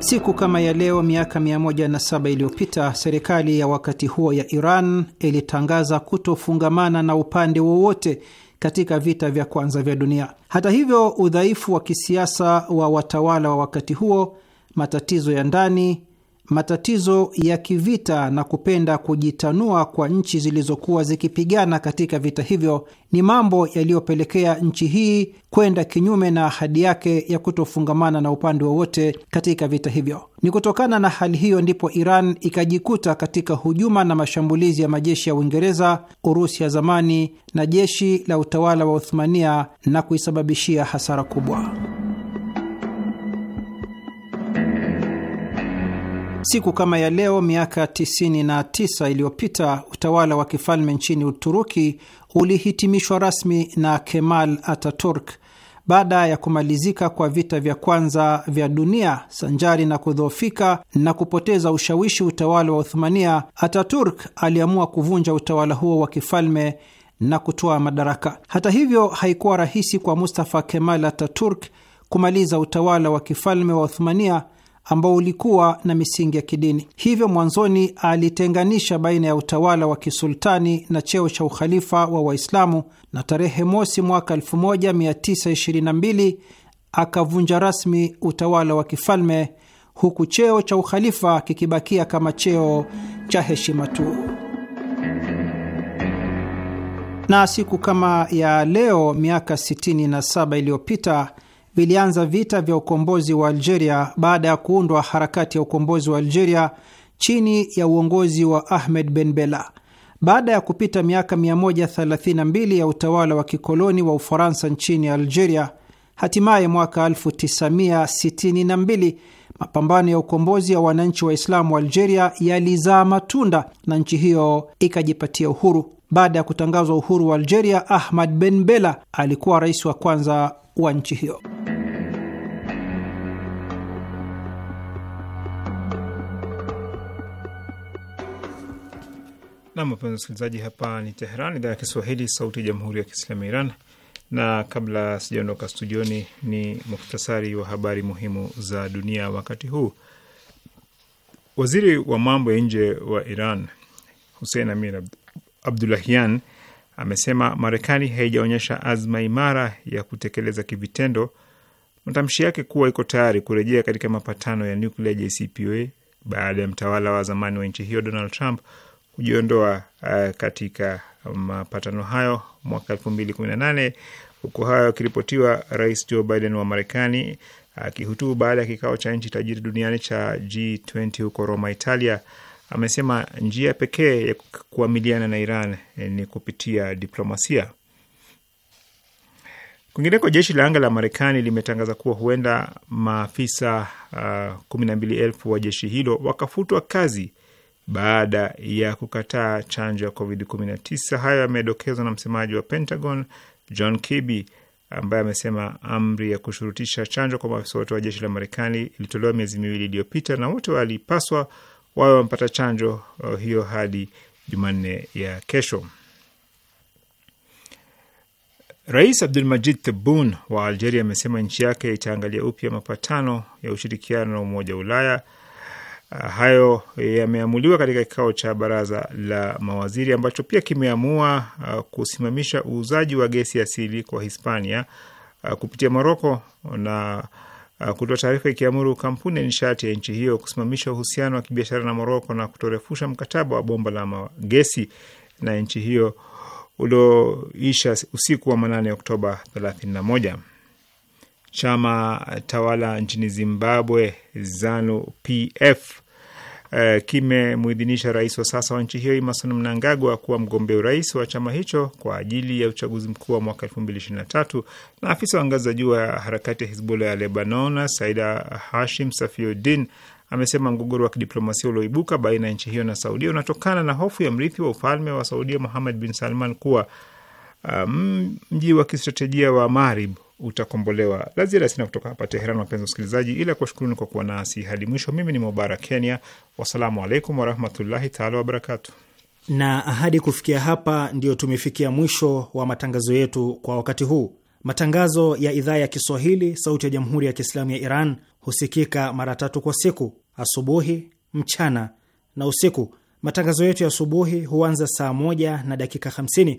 Siku kama ya leo miaka 107 iliyopita serikali ya wakati huo ya Iran ilitangaza kutofungamana na upande wowote katika vita vya kwanza vya dunia. Hata hivyo, udhaifu wa kisiasa wa watawala wa wakati huo, matatizo ya ndani matatizo ya kivita na kupenda kujitanua kwa nchi zilizokuwa zikipigana katika vita hivyo ni mambo yaliyopelekea nchi hii kwenda kinyume na ahadi yake ya kutofungamana na upande wowote katika vita hivyo. Ni kutokana na hali hiyo ndipo Iran ikajikuta katika hujuma na mashambulizi ya majeshi ya Uingereza, Urusi ya zamani na jeshi la utawala wa Uthmania na kuisababishia hasara kubwa. Siku kama ya leo miaka 99 iliyopita utawala wa kifalme nchini Uturuki ulihitimishwa rasmi na Kemal Ataturk baada ya kumalizika kwa vita vya kwanza vya dunia sanjari na kudhoofika na kupoteza ushawishi utawala wa Uthmania, Ataturk aliamua kuvunja utawala huo wa kifalme na kutoa madaraka. Hata hivyo, haikuwa rahisi kwa Mustafa Kemal Ataturk kumaliza utawala wa kifalme wa Uthmania ambao ulikuwa na misingi ya kidini. Hivyo mwanzoni alitenganisha baina ya utawala wa kisultani na cheo cha ukhalifa wa Waislamu, na tarehe mosi mwaka 1922 akavunja rasmi utawala wa kifalme, huku cheo cha ukhalifa kikibakia kama cheo cha heshima tu. Na siku kama ya leo miaka 67 iliyopita vilianza vita vya ukombozi wa Algeria baada ya kuundwa harakati ya ukombozi wa Algeria chini ya uongozi wa Ahmed Ben Bella. Baada ya kupita miaka 132 ya utawala wa kikoloni wa Ufaransa nchini Algeria, hatimaye mwaka 1962 mapambano ya ukombozi ya wananchi wa islamu wa Algeria yalizaa matunda na nchi hiyo ikajipatia uhuru. Baada ya kutangazwa uhuru wa Algeria, Ahmad Ben Bella alikuwa rais wa kwanza wa nchi hiyo. Nam, wapenzi wasikilizaji, hapa ni Teheran, idhaa ya Kiswahili, sauti ya jamhuri ya kiislamu ya Iran. Na kabla sijaondoka studioni, ni muktasari wa habari muhimu za dunia wakati huu. Waziri wa mambo ya nje wa Iran Hussein Amir Abdulahian amesema Marekani haijaonyesha azma imara ya kutekeleza kivitendo matamshi yake kuwa iko tayari kurejea katika mapatano ya nuklia JCPOA baada ya mtawala wa zamani wa nchi hiyo Donald Trump kujiondoa uh, katika mapatano hayo mwaka nane huku hayo akiripotiwa Rais Joe Biden wa Marekani akihutubu uh, baada ya kikao cha nchi tajiri duniani cha G20 huko Roma, Italia amesema njia pekee ya kuamiliana na Iran eh, ni kupitia diplomasia. Kwingineko, jeshi la anga la Marekani limetangaza kuwa huenda maafisa uh, kumi na mbili elfu wa jeshi hilo wakafutwa kazi baada ya kukataa chanjo ya Covid 19. Hayo yamedokezwa na msemaji wa Pentagon John Kirby ambaye amesema amri ya kushurutisha chanjo kwa maafisa wote wa jeshi la Marekani ilitolewa miezi miwili iliyopita na wote walipaswa wawe wamepata chanjo uh, hiyo hadi Jumanne ya kesho. Rais Abdulmajid Tebun wa Algeria amesema nchi yake itaangalia upya mapatano ya ushirikiano na Umoja wa Ulaya. Uh, hayo yameamuliwa katika kikao cha baraza la mawaziri ambacho pia kimeamua uh, kusimamisha uuzaji wa gesi asili kwa Hispania kupitia Moroko na Uh, kutoa taarifa ikiamuru kampuni ya nishati ya nchi hiyo kusimamisha uhusiano wa kibiashara na Moroko na kutorefusha mkataba wa bomba la magesi na nchi hiyo ulioisha usiku wa manane Oktoba 31. Chama tawala nchini Zimbabwe ZANU PF kimemuidhinisha kimemwidhinisha rais wa sasa wa nchi hiyo Emmerson Mnangagwa kuwa mgombea urais wa chama hicho kwa ajili ya uchaguzi mkuu wa mwaka 2023 na afisa wa ngazi za juu wa harakati ya Hizbullah ya Lebanon Saida Hashim Safiuddin amesema mgogoro wa kidiplomasia ulioibuka baina ya nchi hiyo na Saudia unatokana na hofu ya mrithi wa ufalme wa Saudia Muhammad bin Salman kuwa ah, mji um, wa kistratejia wa Marib utakombolewa. La ziada sina kutoka hapa Teheran, wapenzi wasikilizaji, ila kuwashukuruni kwa kuwa nasi hadi mwisho. Mimi ni Mubarak Kenya, wassalamu alaikum warahmatullahi taala wabarakatu. Na hadi kufikia hapa, ndio tumefikia mwisho wa matangazo yetu kwa wakati huu. Matangazo ya idhaa ya Kiswahili sauti ya jamhuri ya Kiislamu ya Iran husikika mara tatu kwa siku: asubuhi, mchana na usiku. Matangazo yetu ya asubuhi huanza saa moja na dakika 50